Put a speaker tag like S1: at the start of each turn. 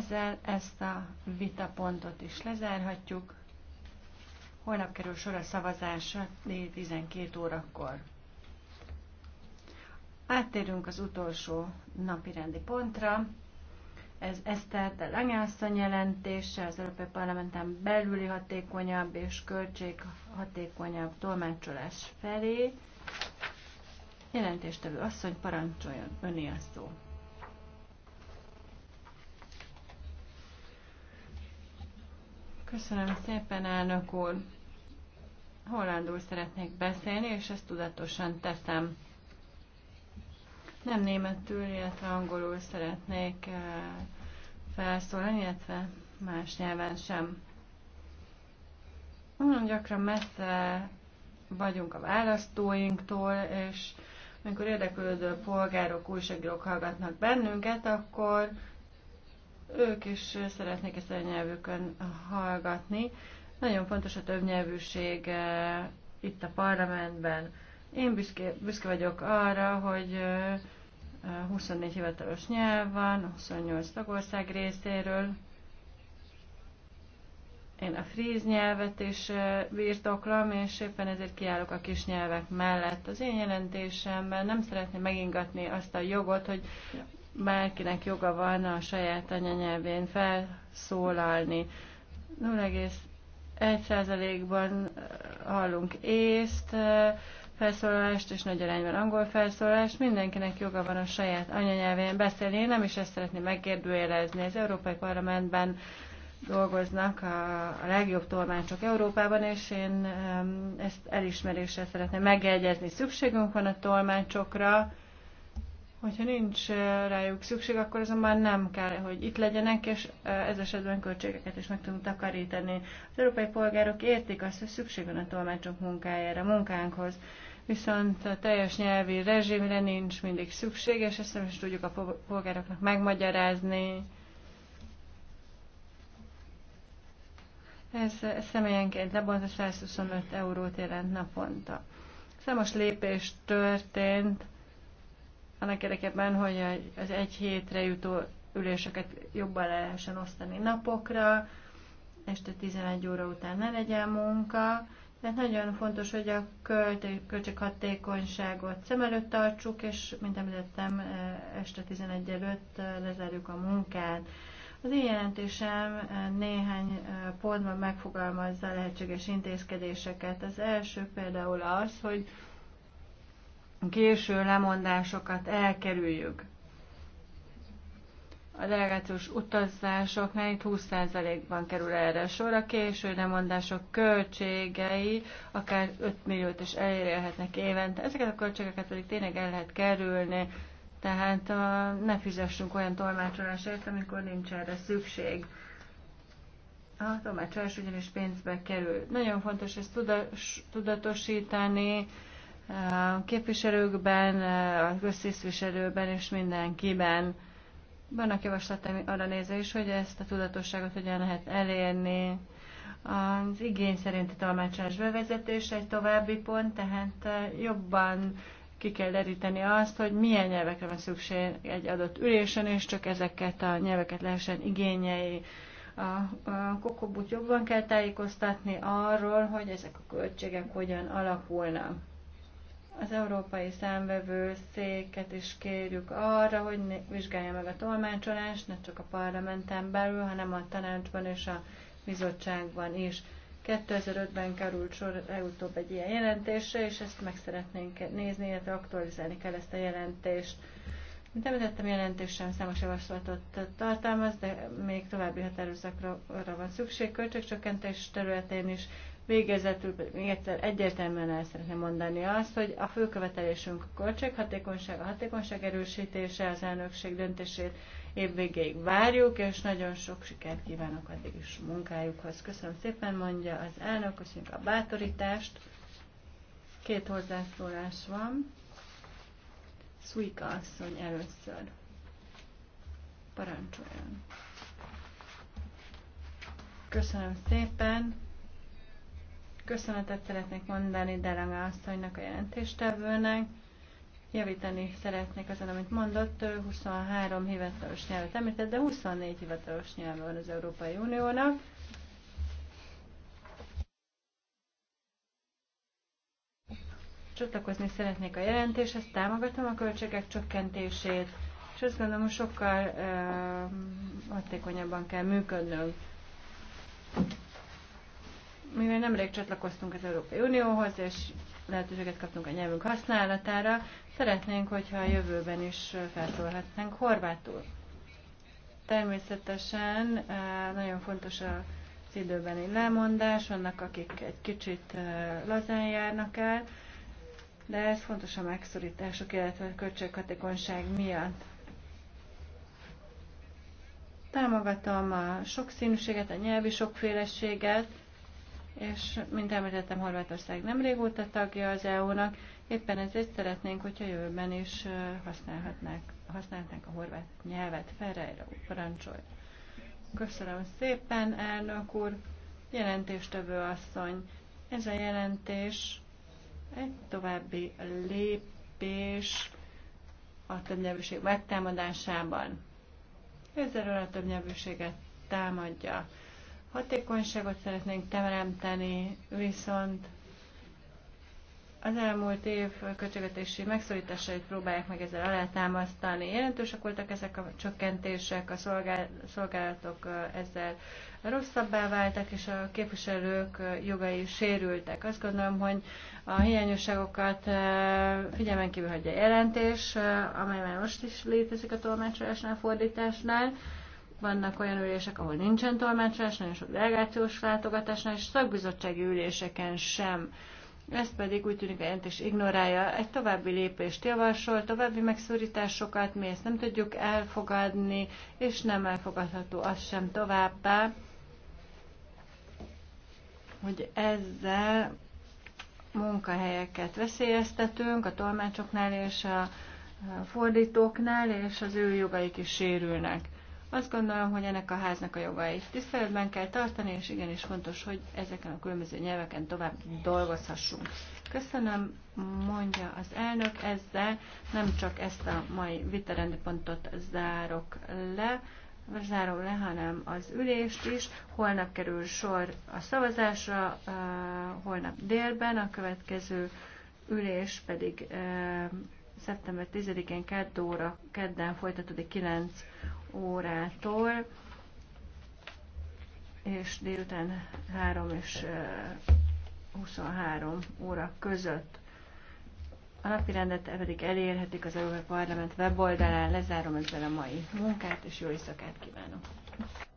S1: Ezzel ezt a vitapontot is lezárhatjuk. Holnap kerül sor a szavazásra 12 órakor. Áttérünk az utolsó napi rendi pontra. Ez Eszter de Langászony jelentése az Európai Parlamenten belüli hatékonyabb és költséghatékonyabb tolmácsolás felé. Jelentéstevő asszony parancsoljon, öné a szó. Köszönöm szépen, elnök úr. Hollandul szeretnék beszélni, és ezt tudatosan teszem. Nem németül, illetve angolul szeretnék eh, felszólalni, illetve más nyelven sem. Nagyon gyakran messze vagyunk a választóinktól, és amikor érdeklődő polgárok, újságírók hallgatnak bennünket, akkor ők is szeretnék ezt a nyelvükön hallgatni. Nagyon fontos a többnyelvűség itt a parlamentben. Én büszke, büszke vagyok arra, hogy 24 hivatalos nyelv van, 28 tagország részéről. Én a fríz nyelvet is birtoklom, és éppen ezért kiállok a kis nyelvek mellett. Az én jelentésemben nem szeretném megingatni azt a jogot, hogy bárkinek joga van a saját anyanyelvén felszólalni. 0,1%-ban hallunk észt felszólalást, és nagy arányban angol felszólalást. Mindenkinek joga van a saját anyanyelvén beszélni. Én nem is ezt szeretném megkérdőjelezni. Az Európai Parlamentben dolgoznak a, a legjobb tolmácsok Európában, és én ezt elismeréssel szeretném megjegyezni. Szükségünk van a tolmácsokra, Hogyha nincs eh, rájuk szükség, akkor azonban nem kell, hogy itt legyenek, és eh, ez esetben költségeket is meg tudunk takarítani. Az európai polgárok értik azt, hogy szükség van a tolmácsok munkájára, munkánkhoz, viszont a teljes nyelvi rezsimre nincs mindig szükség, és ezt nem is tudjuk a polgároknak megmagyarázni. Ez, ez személyenként lebont a 125 eurót jelent naponta. Számos lépés történt, annak érdekében, hogy az egy hétre jutó üléseket jobban lehessen osztani napokra, este 11 óra után ne legyen munka, de nagyon fontos, hogy a költség hatékonyságot, szem előtt tartsuk, és mint említettem, e, este 11 előtt e, lezárjuk a munkát. Az én jelentésem e, néhány pontban megfogalmazza lehetséges intézkedéseket. Az első például az, hogy késő lemondásokat elkerüljük. A delegációs utazások itt 20%-ban kerül erre sor. A késő lemondások költségei akár 5 milliót is elérhetnek évente. Ezeket a költségeket pedig tényleg el lehet kerülni. Tehát uh, ne fizessünk olyan tolmácsolásért, amikor nincs erre szükség. A tolmácsolás ugyanis pénzbe kerül. Nagyon fontos ezt tudatosítani, képviselőkben, a köztisztviselőben és mindenkiben. Vannak javaslataim arra nézve is, hogy ezt a tudatosságot hogyan lehet elérni. Az igény szerinti tolmácsás bevezetés egy további pont, tehát eh, jobban ki kell deríteni azt, hogy milyen nyelvekre van szükség egy adott ülésen, és csak ezeket a nyelveket lehessen igényei. A, a kokobut jobban kell tájékoztatni arról, hogy ezek a költségek hogyan alakulnak. Az európai számvevő széket is kérjük arra, hogy vizsgálja meg a tolmácsolást, ne csak a parlamenten belül, hanem a tanácsban és a bizottságban is. 2005-ben került sor legutóbb egy ilyen jelentésre, és ezt meg szeretnénk nézni, illetve aktualizálni kell ezt a jelentést. Mint említettem, jelentésem számos javaslatot tartalmaz, de még további határozatokra van szükség, költségcsökkentés területén is. Végezetül még egyszer egyértelműen el szeretném mondani azt, hogy a főkövetelésünk a költséghatékonyság, a hatékonyság erősítése, az elnökség döntését évvégéig várjuk, és nagyon sok sikert kívánok addig is munkájukhoz. Köszönöm szépen, mondja az elnök, köszönjük a bátorítást. Két hozzászólás van. Szuika asszony először. Parancsoljon. Köszönöm szépen. Köszönetet szeretnék mondani Delanga asszonynak, a jelentéstevőnek. Javítani szeretnék azon, amit mondott. 23 hivatalos nyelvet említett, de 24 hivatalos nyelv van az Európai Uniónak csatlakozni szeretnék a jelentéshez, támogatom a költségek csökkentését, és azt gondolom, hogy sokkal uh, hatékonyabban kell működnünk. Mivel nemrég csatlakoztunk az Európai Unióhoz, és lehetőséget kaptunk a nyelvünk használatára, szeretnénk, hogyha a jövőben is felszólhatnánk horvátul. Természetesen nagyon fontos az időbeni lemondás, annak akik egy kicsit lazán járnak el, de ez fontos a megszorítások, illetve a költséghatékonyság miatt. Támogatom a sokszínűséget, a nyelvi sokféleséget, és mint említettem, Horvátország nem régóta tagja az EU-nak, éppen ezért szeretnénk, hogyha jövőben is használhatnák, használhatnák a horvát nyelvet. Ferreira parancsolj! Köszönöm szépen, elnök úr! Jelentéstevő asszony, ez a jelentés egy további lépés a többnyelvűség megtámadásában. Ezzel a többnyelvűséget támadja. Hatékonyságot szeretnénk teremteni, viszont az elmúlt év költségvetési megszorításait próbálják meg ezzel alátámasztani. Jelentősek voltak ezek a csökkentések, a szolgálatok ezzel rosszabbá váltak, és a képviselők jogai sérültek. Azt gondolom, hogy a hiányosságokat figyelmen kívül hagyja jelentés, amely már most is létezik a tolmácsolásnál, fordításnál vannak olyan ülések, ahol nincsen tolmácsolás, nagyon sok delegációs látogatásnál, és szakbizottsági üléseken sem. Ezt pedig úgy tűnik a is ignorálja. Egy további lépést javasol, további megszorításokat, mi ezt nem tudjuk elfogadni, és nem elfogadható az sem továbbá, hogy ezzel munkahelyeket veszélyeztetünk a tolmácsoknál és a fordítóknál, és az ő jogaik is sérülnek. Azt gondolom, hogy ennek a háznak a jogait tiszteletben kell tartani, és igenis fontos, hogy ezeken a különböző nyelveken tovább dolgozhassunk. Köszönöm, mondja az elnök, ezzel nem csak ezt a mai vitarendi pontot zárok le, zárom le, hanem az ülést is. Holnap kerül sor a szavazásra, eh, holnap délben, a következő ülés pedig eh, szeptember 10-én 2 óra, kedden folytatódik 9 órától, és délután 3 és 23 óra között. A napi rendet pedig elérhetik az Európai Parlament weboldalán. Lezárom ezzel a mai munkát, és jó éjszakát kívánok!